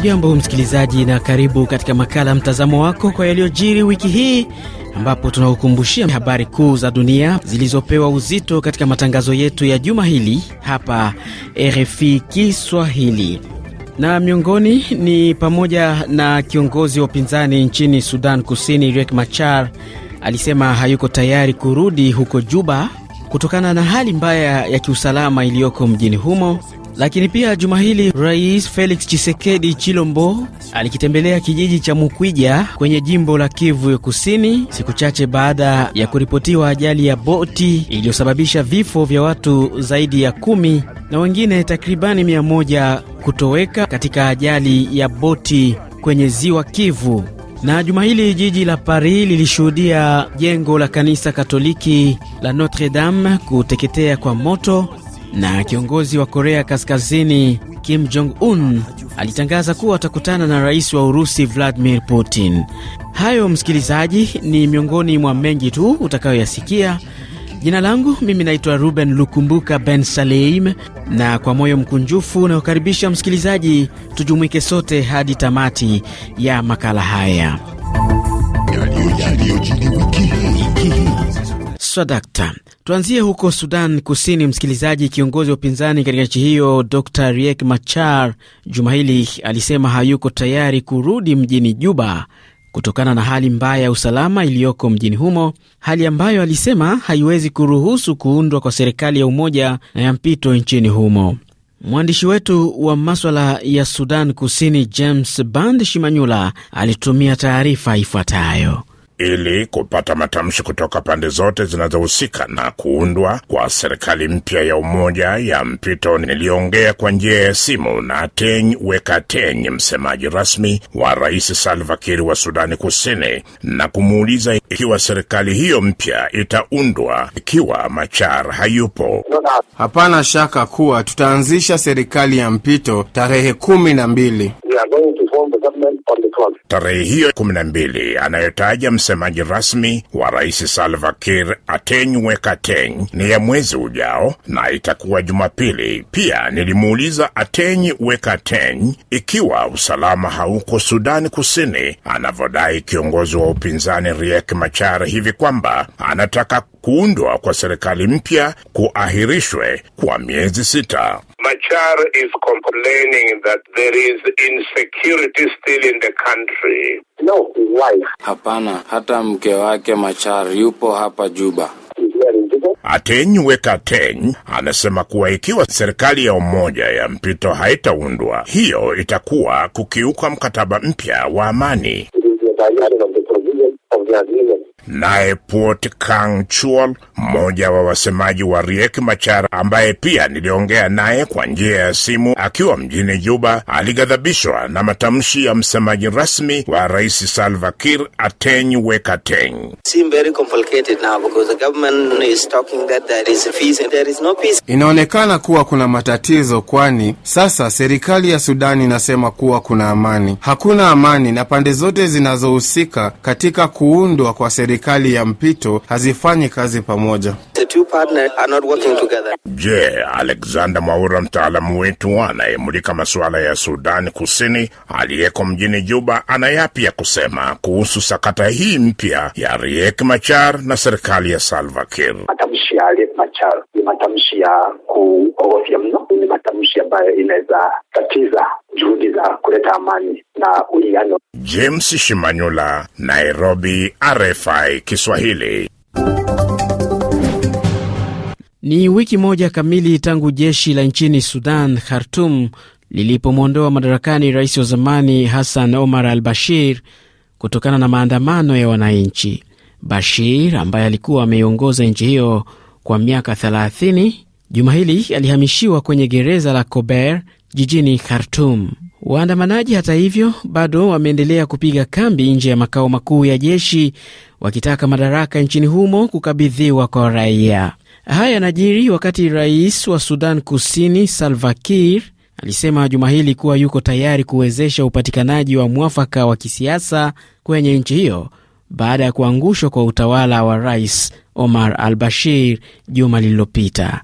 Hujambo msikilizaji, na karibu katika makala mtazamo wako kwa yaliyojiri wiki hii, ambapo tunakukumbushia habari kuu za dunia zilizopewa uzito katika matangazo yetu ya juma hili hapa RFI Kiswahili na miongoni ni pamoja na kiongozi wa upinzani nchini Sudan Kusini Riek Machar alisema hayuko tayari kurudi huko Juba kutokana na hali mbaya ya kiusalama iliyoko mjini humo. Lakini pia juma hili Rais Felix Chisekedi Chilombo alikitembelea kijiji cha Mukwija kwenye jimbo la Kivu ya Kusini, siku chache baada ya kuripotiwa ajali ya boti iliyosababisha vifo vya watu zaidi ya kumi na wengine takribani mia moja kutoweka katika ajali ya boti kwenye ziwa Kivu. Na juma hili jiji la Paris lilishuhudia jengo la kanisa Katoliki la Notre Dame kuteketea kwa moto na kiongozi wa Korea Kaskazini Kim Jong Un alitangaza kuwa atakutana na rais wa Urusi Vladimir Putin. Hayo msikilizaji, ni miongoni mwa mengi tu utakayoyasikia. Jina langu mimi naitwa Ruben Lukumbuka Ben Saleim, na kwa moyo mkunjufu unayokaribisha msikilizaji, tujumuike sote hadi tamati ya makala haya. Swadakta, tuanzie huko Sudan Kusini. Msikilizaji, kiongozi wa upinzani katika nchi hiyo Dr Riek Machar juma hili alisema hayuko tayari kurudi mjini Juba kutokana na hali mbaya ya usalama iliyoko mjini humo, hali ambayo alisema haiwezi kuruhusu kuundwa kwa serikali ya umoja na ya mpito nchini humo. Mwandishi wetu wa maswala ya Sudan Kusini James Band Shimanyula alitumia taarifa ifuatayo ili kupata matamshi kutoka pande zote zinazohusika na kuundwa kwa serikali mpya ya umoja ya mpito. Niliongea kwa njia ya simu na Teny ten msemaji rasmi wa Rais Salva wa Sudani Kusini, na kumuuliza ikiwa serikali hiyo mpya itaundwa ikiwa Machar hayupo. Hapana shaka kuwa tutaanzisha serikali ya mpito tarehe kumi na mbili tarehe hiyo kumi na mbili anayotaja msemaji rasmi wa Rais Salva Kiir Atenywe ni ya mwezi ujao na itakuwa Jumapili. Pia nilimuuliza ateny Kateny ikiwa usalama hauko Sudani Kusini anavyodai kiongozi wa upinzani Riek Machar hivi kwamba anataka kuundwa kwa serikali mpya kuahirishwe kwa miezi sita. Machar is complaining that there is insecurity still in the country. No, wife. Hapana, hata mke wake Machar yupo hapa Juba. Ateny Weka Ateny anasema kuwa ikiwa serikali ya umoja ya mpito haitaundwa, hiyo itakuwa kukiuka mkataba mpya wa amani. Naye Port Kang Chuol, mmoja wa wasemaji wa Riek Machar ambaye pia niliongea naye kwa njia ya simu akiwa mjini Juba, alighadhabishwa na matamshi ya msemaji rasmi wa Rais Salva Ateny Wekateny. inaonekana kuwa kuna matatizo, kwani sasa serikali ya Sudani inasema kuwa kuna amani. Hakuna amani na pande zote zinazohusika katika kuundwa kwa serikali serikali ya mpito hazifanyi kazi pamoja. Je, Alexander Mwaura, mtaalamu wetu anayemulika masuala ya Sudani Kusini aliyeko mjini Juba, ana yapi ya kusema kuhusu sakata hii mpya ya Riek Machar na serikali ya Salva Kiir? Matamshi ya Riek Machar ni matamshi ya kuogofya mno, ni matamshi ambayo inaweza tatiza juhudi za kuleta amani na uwiano. James Shimanyula, Nairobi, RFI. RFI Kiswahili. Ni wiki moja kamili tangu jeshi la nchini Sudan, Khartum, lilipomwondoa madarakani rais wa zamani Hassan Omar al Bashir kutokana na maandamano ya wananchi. Bashir ambaye alikuwa ameiongoza nchi hiyo kwa miaka 30 juma hili alihamishiwa kwenye gereza la Kober jijini Khartum. Waandamanaji hata hivyo bado wameendelea kupiga kambi nje ya makao makuu ya jeshi wakitaka madaraka nchini humo kukabidhiwa kwa raia. Haya yanajiri wakati rais wa Sudan Kusini Salva Kiir alisema juma hili kuwa yuko tayari kuwezesha upatikanaji wa mwafaka wa kisiasa kwenye nchi hiyo baada ya kuangushwa kwa utawala wa rais Omar al Bashir juma lililopita.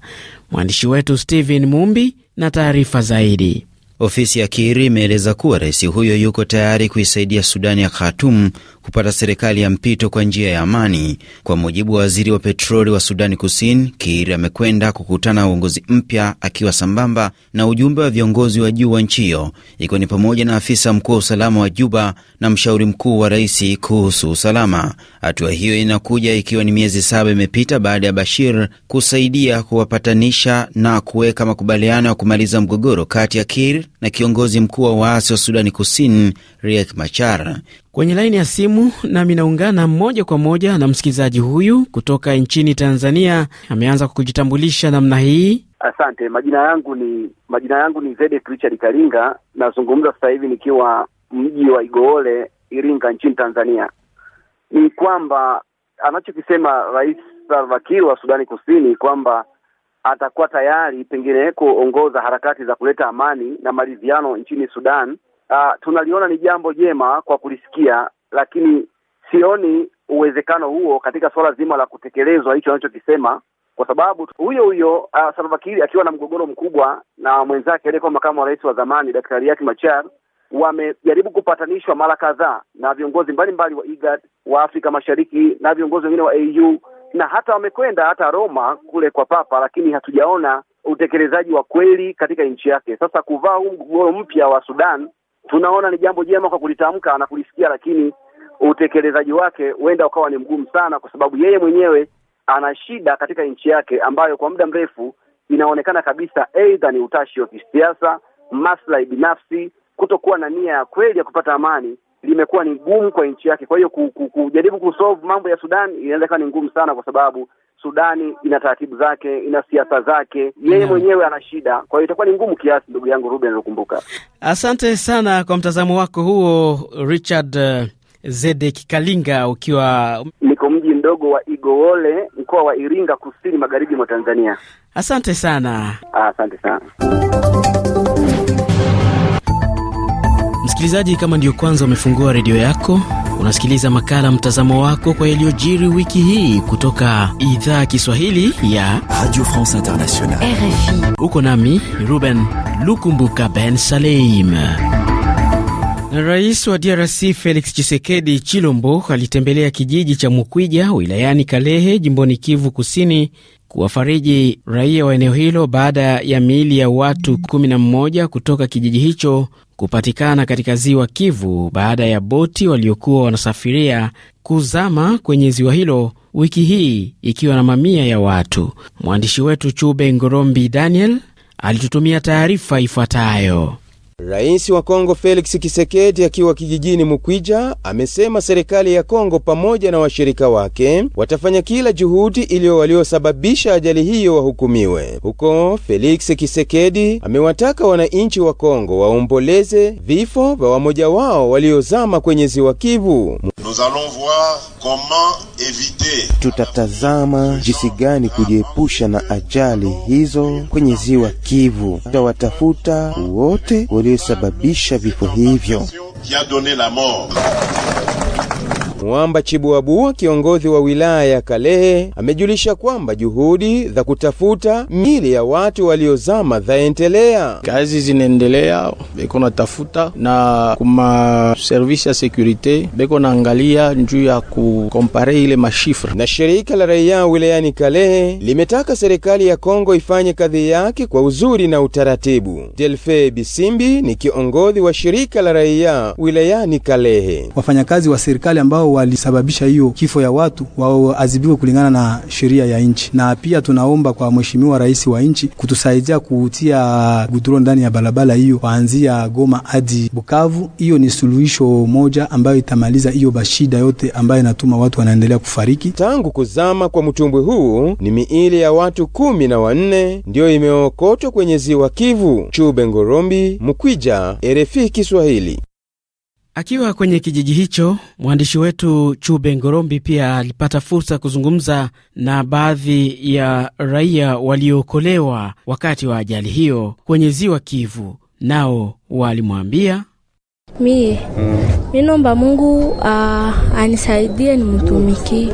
Mwandishi wetu Stephen Mumbi na taarifa zaidi. Ofisi ya Kiir imeeleza kuwa rais huyo yuko tayari kuisaidia Sudani ya Khartoum kupata serikali ya mpito kwa njia ya amani. Kwa mujibu wa waziri wa petroli wa Sudani Kusini, Kiir amekwenda kukutana na uongozi mpya akiwa sambamba na ujumbe wa viongozi wa juu wa nchi hiyo, ikiwa ni pamoja na afisa mkuu wa usalama wa Juba na mshauri mkuu wa rais kuhusu usalama. Hatua hiyo inakuja ikiwa ni miezi saba imepita baada ya Bashir kusaidia kuwapatanisha na kuweka makubaliano ya kumaliza mgogoro kati ya Kiir na kiongozi mkuu wa waasi wa Sudani Kusini Riek Machar. Kwenye laini ya simu nami naungana moja kwa moja na msikilizaji huyu kutoka nchini Tanzania, ameanza kwa kujitambulisha namna hii. Asante, majina yangu ni majina yangu ni Zedek Richard Karinga, nazungumza sasa hivi nikiwa mji wa Igoole, Iringa, nchini Tanzania. Ni kwamba anachokisema Rais Salva Kiir wa Sudani Kusini kwamba atakuwa tayari pengine kuongoza harakati za kuleta amani na maridhiano nchini Sudan. Uh, tunaliona ni jambo jema kwa kulisikia, lakini sioni uwezekano huo katika suala zima la kutekelezwa hicho anachokisema, kwa sababu huyo huyo uh, Salva Kiir akiwa na mgogoro mkubwa na mwenzake aliyekuwa makamu wa rais wa zamani Daktari Riek Machar wamejaribu kupatanishwa mara kadhaa na viongozi mbalimbali wa IGAD wa Afrika Mashariki na viongozi wengine wa AU na hata wamekwenda hata Roma kule kwa Papa, lakini hatujaona utekelezaji wa kweli katika nchi yake. Sasa kuvaa huu mgogoro mpya wa Sudan tunaona ni jambo jema kwa kulitamka na kulisikia, lakini utekelezaji wake huenda ukawa ni mgumu sana, kwa sababu yeye mwenyewe ana shida katika nchi yake ambayo kwa muda mrefu inaonekana kabisa, aidha ni utashi wa kisiasa, maslahi binafsi, kutokuwa na nia ya kweli ya kupata amani limekuwa ni gumu kwa nchi yake. Kwa hiyo kujaribu kusolve mambo ya Sudan inaweza kuwa ni ngumu sana, kwa sababu Sudani ina taratibu zake, ina siasa zake, yeye mwenyewe ana shida. Kwa hiyo itakuwa ni ngumu kiasi, ndugu yangu Ruben Lukumbuka. Asante sana kwa mtazamo wako huo, Richard eh, Zedek Kalinga, ukiwa niko mji mdogo wa Igowole, mkoa wa Iringa, kusini magharibi mwa Tanzania. Asante sana, asante sana. Msikilizaji, kama ndiyo kwanza umefungua redio yako, unasikiliza makala mtazamo wako kwa yaliyojiri wiki hii kutoka idhaa Kiswahili ya Radio France Internationale, RFI. Uko nami Ruben Lukumbuka Ben Saleim. Na rais wa DRC Felix Tshisekedi Chilombo alitembelea kijiji cha Mukwija wilayani Kalehe, jimboni Kivu Kusini kuwafariji raia wa eneo hilo baada ya miili ya watu 11 kutoka kijiji hicho kupatikana katika ziwa Kivu baada ya boti waliokuwa wanasafiria kuzama kwenye ziwa hilo wiki hii ikiwa na mamia ya watu. Mwandishi wetu Chube Ngorombi Daniel alitutumia taarifa ifuatayo. Rais wa Kongo Felix Kisekedi akiwa kijijini Mukwija amesema serikali ya Kongo pamoja na washirika wake watafanya kila juhudi ili waliosababisha ajali hiyo wahukumiwe. Huko Felix Kisekedi amewataka wananchi wa Kongo waomboleze vifo vya wamoja wao waliozama kwenye ziwa Kivu. Tutatazama jinsi gani kujiepusha na ajali hizo kwenye ziwa Kivu. Tutawatafuta wote wali aliyosababisha vifo hivyo. Mwamba Chibuabua, kiongozi wa wilaya ya Kalehe, amejulisha kwamba juhudi za kutafuta mili ya watu waliozama zaendelea. Kazi zinaendelea, beko natafuta na kuma service ya sekurite beko naangalia njuu ya kukompare ile mashifra. Na shirika la raia wilayani Kalehe limetaka serikali ya Kongo ifanye kazi yake kwa uzuri na utaratibu. Delfe Bisimbi ni kiongozi wa shirika la raia wilayani Kalehe. Wafanyakazi wa serikali ambao ambao walisababisha hiyo kifo ya watu waadhibiwe kulingana na sheria ya nchi. Na pia tunaomba kwa mheshimiwa rais wa nchi kutusaidia kutia guduro ndani ya barabara hiyo kuanzia Goma hadi Bukavu. Hiyo ni suluhisho moja ambayo itamaliza hiyo bashida yote ambayo inatuma watu wanaendelea kufariki. Tangu kuzama kwa mtumbwi huu ni miili ya watu kumi na wanne ndiyo imeokotwa kwenye ziwa Kivu. Chube Ngorombi, Mkwija, RFI Kiswahili. Akiwa kwenye kijiji hicho, mwandishi wetu Chube Ngorombi pia alipata fursa ya kuzungumza na baadhi ya raia waliookolewa wakati wa ajali hiyo kwenye ziwa Kivu, nao walimwambia Mie mm. mi Mungu uh, anisaidie nimtumikie,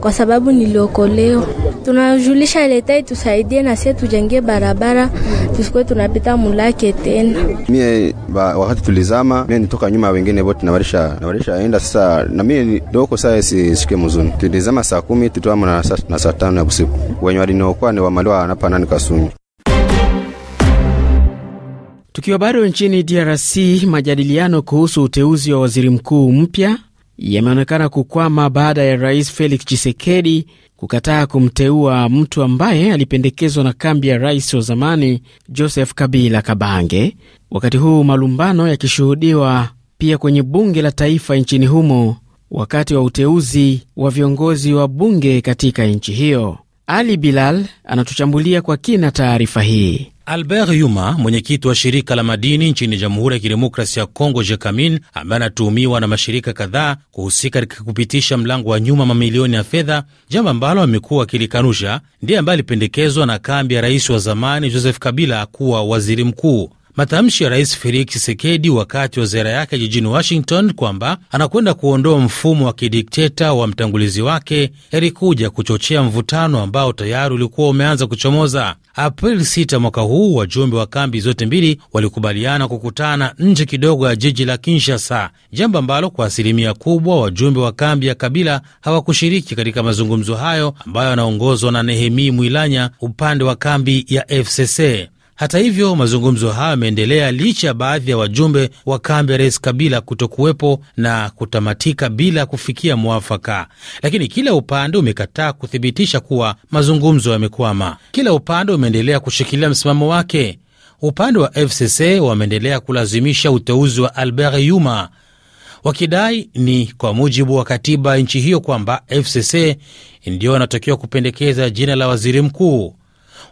kwa sababu niliokolewa. Tunajulisha leta itusaidie na sie tujenge barabara, tusikuwe tunapita mulake tena. Mie ba, wakati tulizama mie nitoka nyuma wengine bote na nabarisha enda sasa, na mie doko saa sike muzuni. Tulizama saa kumi tutuamo na saa tano ya busiku, wenye waliniokoa ni wamaliwa anapa nani kasunyi Tukiwa bado nchini DRC, majadiliano kuhusu uteuzi wa waziri mkuu mpya yameonekana kukwama baada ya rais Felix Tshisekedi kukataa kumteua mtu ambaye alipendekezwa na kambi ya rais wa zamani Joseph Kabila Kabange, wakati huu malumbano yakishuhudiwa pia kwenye bunge la taifa nchini humo wakati wa uteuzi wa viongozi wa bunge katika nchi hiyo. Ali Bilal anatuchambulia kwa kina taarifa hii. Albert Yuma, mwenyekiti wa shirika la madini nchini Jamhuri ya Kidemokrasi ya Kongo, JECAMIN, ambaye anatuhumiwa na mashirika kadhaa kuhusika katika kupitisha mlango wa nyuma mamilioni ya fedha, jambo ambalo amekuwa akilikanusha, ndiye ambaye alipendekezwa na kambi ya rais wa zamani Joseph Kabila kuwa waziri mkuu. Matamshi ya Rais Felix chisekedi wakati wa ziara yake jijini Washington kwamba anakwenda kuondoa mfumo wa kidikteta wa mtangulizi wake yalikuja kuchochea mvutano ambao tayari ulikuwa umeanza kuchomoza. Aprili 6 mwaka huu, wajumbe wa kambi zote mbili walikubaliana kukutana nje kidogo ya jiji la Kinshasa, jambo ambalo kwa asilimia kubwa wajumbe wa kambi ya Kabila hawakushiriki katika mazungumzo hayo ambayo yanaongozwa na Nehemi Mwilanya upande wa kambi ya FCC. Hata hivyo, mazungumzo hayo yameendelea licha ya baadhi ya wajumbe wa kambi ya Rais Kabila kutokuwepo na kutamatika bila kufikia mwafaka, lakini kila upande umekataa kuthibitisha kuwa mazungumzo yamekwama. Kila upande umeendelea kushikilia msimamo wake. Upande wa FCC wameendelea kulazimisha uteuzi wa Albert Yuma wakidai ni kwa mujibu wa katiba ya nchi hiyo kwamba FCC ndio wanatakiwa kupendekeza jina la waziri mkuu.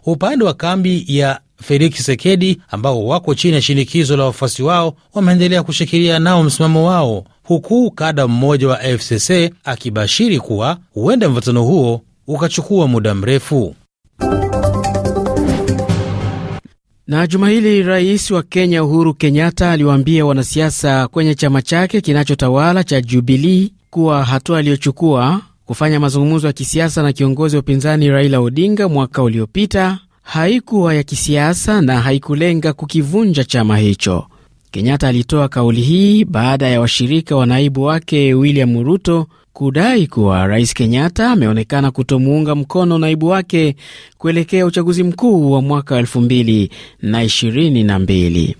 Upande wa kambi ya Felix chisekedi ambao wako chini ya shinikizo la wafuasi wao wameendelea kushikilia nao msimamo wao, huku kada mmoja wa FCC akibashiri kuwa huenda mvutano huo ukachukua muda mrefu. Na juma hili rais wa Kenya Uhuru Kenyatta aliwaambia wanasiasa kwenye chama chake kinachotawala cha Jubilii kuwa hatua aliyochukua kufanya mazungumzo ya kisiasa na kiongozi wa upinzani Raila Odinga mwaka uliopita haikuwa ya kisiasa na haikulenga kukivunja chama hicho. Kenyatta alitoa kauli hii baada ya washirika wa naibu wake William Ruto kudai kuwa Rais Kenyatta ameonekana kutomuunga mkono naibu wake kuelekea uchaguzi mkuu wa mwaka 2022.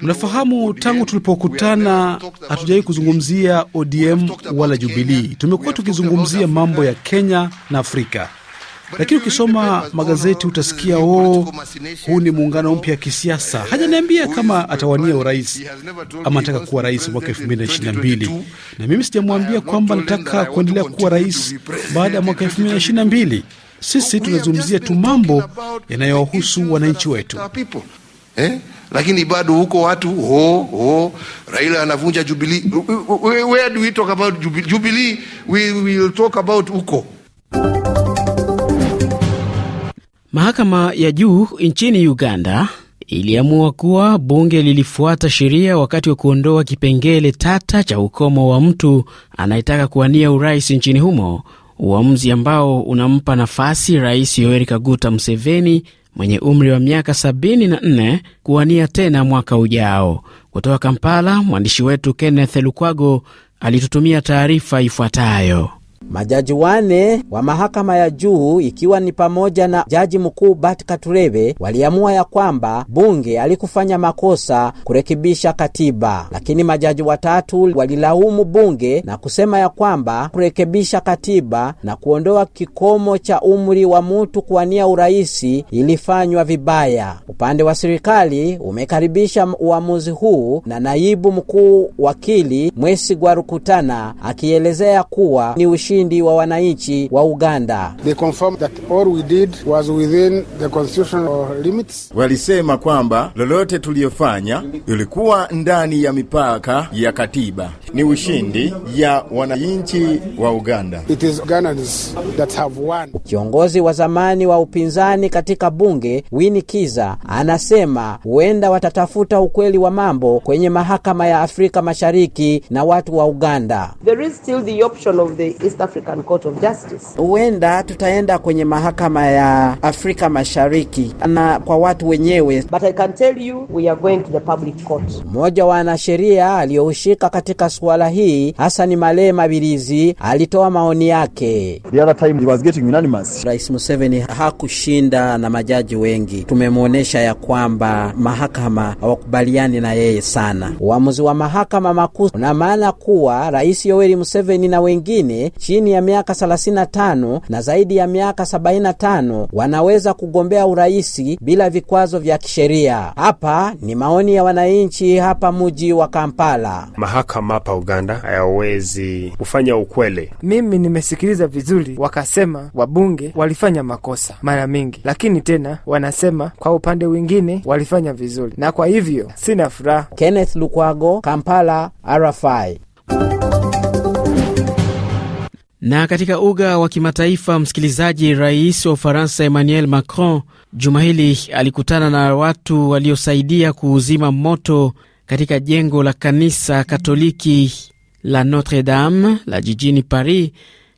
Mnafahamu, tangu tulipokutana hatujawahi kuzungumzia ODM wala Jubilii. Tumekuwa tukizungumzia mambo ya Kenya na Afrika, lakini ukisoma magazeti utasikia o, oh, huu ni muungano mpya wa kisiasa. Eh, Hajaniambia kama atawania urais ama anataka kuwa rais mwaka elfu mbili na ishirini na mbili na mimi sijamwambia kwamba nataka kuendelea kuwa rais baada ya mwaka elfu mbili na ishirini na mbili. Sisi tunazungumzia tu mambo yanayowahusu wananchi wetu eh? Lakini bado huko watu ho ho, Raila anavunja Jubilee. Where do we talk about Jubilee? We will talk about huko. Mahakama ya juu nchini Uganda iliamua kuwa bunge lilifuata sheria wakati wa kuondoa kipengele tata cha ukomo wa mtu anayetaka kuwania urais nchini humo uamuzi ambao unampa nafasi Rais Yoweri Kaguta Museveni mwenye umri wa miaka 74 kuwania tena mwaka ujao. Kutoka Kampala, mwandishi wetu Kenneth Lukwago alitutumia taarifa ifuatayo. Majaji wane wa mahakama ya juu ikiwa ni pamoja na jaji mkuu Bart Katurebe waliamua ya kwamba bunge alikufanya makosa kurekebisha katiba, lakini majaji watatu walilaumu bunge na kusema ya kwamba kurekebisha katiba na kuondoa kikomo cha umri wa mutu kuwania uraisi ilifanywa vibaya. Upande wa serikali umekaribisha uamuzi huu, na naibu mkuu wakili Mwesi Gwarukutana akielezea kuwa ni ushindi wa wananchi wa Uganda. Walisema kwamba lolote tuliyofanya ilikuwa ndani ya mipaka ya katiba. Ni ushindi ya wananchi wa Uganda. It is Ugandans that have won. Kiongozi wa zamani wa upinzani katika bunge Winnie Kiza anasema huenda watatafuta ukweli wa mambo kwenye mahakama ya Afrika Mashariki na watu wa Uganda. There is still the option of the East African Court of Justice. Huenda tutaenda kwenye mahakama ya Afrika Mashariki na kwa watu wenyewe. But I can tell you we are going to the public court. Mmoja wa wanasheria aliyoushika katika suala hii Hassan Male Mabilizi alitoa maoni yake. The other time he was getting unanimous. Rais Museveni hakushinda na majaji wengi, tumemwonyesha ya kwamba mahakama hawakubaliani na yeye sana. Uamuzi wa mahakama makuu una maana kuwa Rais Yoweri Museveni na wengine chini ya miaka 35 na zaidi ya miaka 75 wanaweza kugombea uraisi bila vikwazo vya kisheria. Hapa ni maoni ya wananchi hapa muji wa Kampala. Mahakama hapa Uganda hayawezi kufanya ukweli. Mimi nimesikiliza vizuri, wakasema wabunge walifanya makosa mara mingi, lakini tena wanasema kwa upande wingine walifanya vizuri, na kwa hivyo sina furaha. Kenneth Lukwago, Kampala, RFI. Na katika uga wa kimataifa, msikilizaji, rais wa Ufaransa Emmanuel Macron juma hili alikutana na watu waliosaidia kuuzima moto katika jengo la kanisa Katoliki la Notre Dame la jijini Paris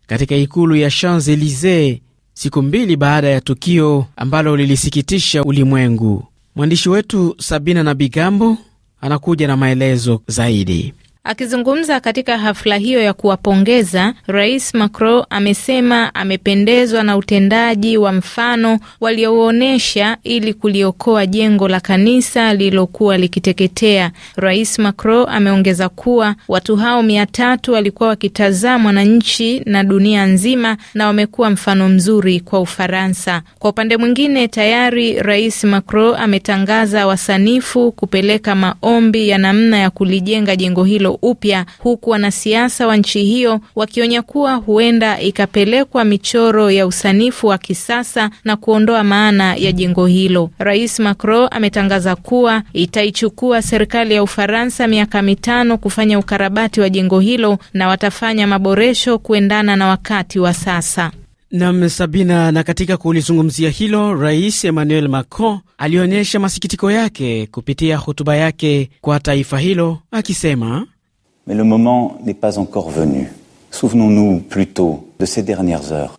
katika ikulu ya Champs Elysees siku mbili baada ya tukio ambalo lilisikitisha ulimwengu. Mwandishi wetu Sabina Nabigambo anakuja na maelezo zaidi. Akizungumza katika hafla hiyo ya kuwapongeza, Rais Macron amesema amependezwa na utendaji wa mfano waliouonyesha ili kuliokoa jengo la kanisa lililokuwa likiteketea. Rais Macron ameongeza kuwa watu hao mia tatu walikuwa wakitazamwa na nchi na dunia nzima na wamekuwa mfano mzuri kwa Ufaransa. Kwa upande mwingine, tayari Rais Macron ametangaza wasanifu kupeleka maombi ya namna ya kulijenga jengo hilo hilo upya, huku wanasiasa wa nchi hiyo wakionya kuwa huenda ikapelekwa michoro ya usanifu wa kisasa na kuondoa maana ya jengo hilo. Rais Macron ametangaza kuwa itaichukua serikali ya Ufaransa miaka mitano kufanya ukarabati wa jengo hilo na watafanya maboresho kuendana na wakati wa sasa. Nam Sabina. Na katika kulizungumzia hilo, Rais Emmanuel Macron alionyesha masikitiko yake kupitia hotuba yake kwa taifa hilo akisema Mais le moment n'est pas encore venu. Souvenons-nous plutôt de ces dernières heures,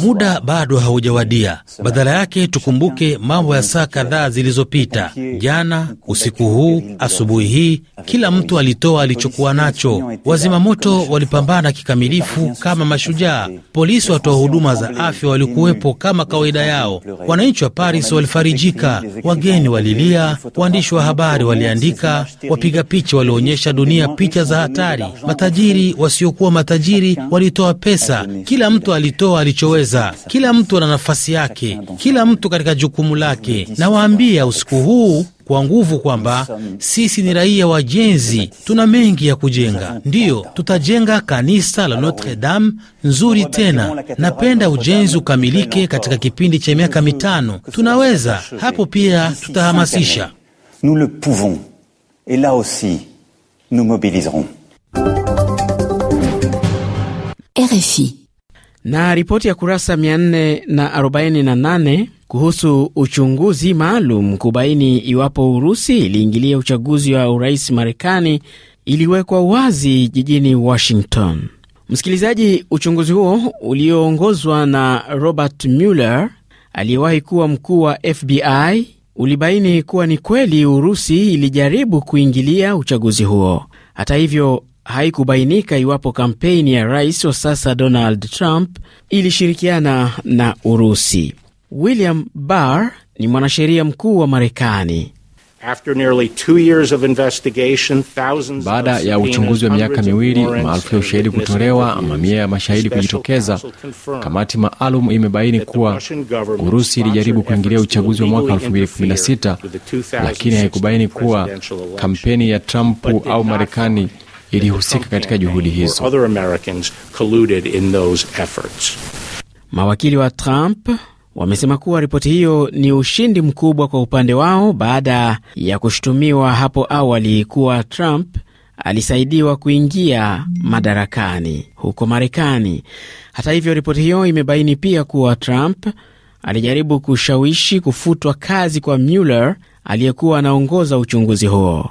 Muda bado haujawadia. Badala yake tukumbuke mambo ya saa kadhaa zilizopita, jana, usiku huu, asubuhi hii. Kila mtu alitoa alichokuwa nacho. Wazima moto walipambana kikamilifu kama mashujaa, polisi, watoa huduma za afya walikuwepo kama kawaida yao, wananchi wa Paris walifarijika, wageni walilia, waandishi wa habari waliandika, wapiga picha walionyesha dunia picha za hatari, matajiri wasiokuwa matajiri walitoa pesa, kila mtu alitoa alicho anachoweza. Kila mtu ana nafasi yake, kila mtu katika jukumu lake. Nawaambia usiku huu kwa nguvu kwamba sisi ni raia wajenzi, tuna mengi ya kujenga. Ndiyo, tutajenga kanisa la Notre Dame nzuri tena. Napenda ujenzi ukamilike katika kipindi cha miaka mitano. Tunaweza hapo, pia tutahamasisha. RFI na ripoti ya kurasa 448 kuhusu uchunguzi maalum kubaini iwapo Urusi iliingilia uchaguzi wa urais Marekani iliwekwa wazi jijini Washington. Msikilizaji, uchunguzi huo ulioongozwa na Robert Mueller aliyewahi kuwa mkuu wa FBI ulibaini kuwa ni kweli Urusi ilijaribu kuingilia uchaguzi huo. Hata hivyo, haikubainika iwapo kampeni ya rais wa sasa Donald Trump ilishirikiana na Urusi. William Barr ni mwanasheria mkuu wa Marekani. Baada ya uchunguzi wa miaka miwili, maelfu ya ushahidi kutolewa, mamia ya mashahidi kujitokeza, kamati maalum imebaini kuwa Urusi ilijaribu kuingilia uchaguzi wa mwaka 2016 lakini haikubaini kuwa kampeni ya Trump au Marekani ilihusika katika juhudi hizo. Mawakili wa Trump wamesema kuwa ripoti hiyo ni ushindi mkubwa kwa upande wao baada ya kushutumiwa hapo awali kuwa Trump alisaidiwa kuingia madarakani huko Marekani. Hata hivyo, ripoti hiyo imebaini pia kuwa Trump alijaribu kushawishi kufutwa kazi kwa Mueller aliyekuwa anaongoza uchunguzi huo.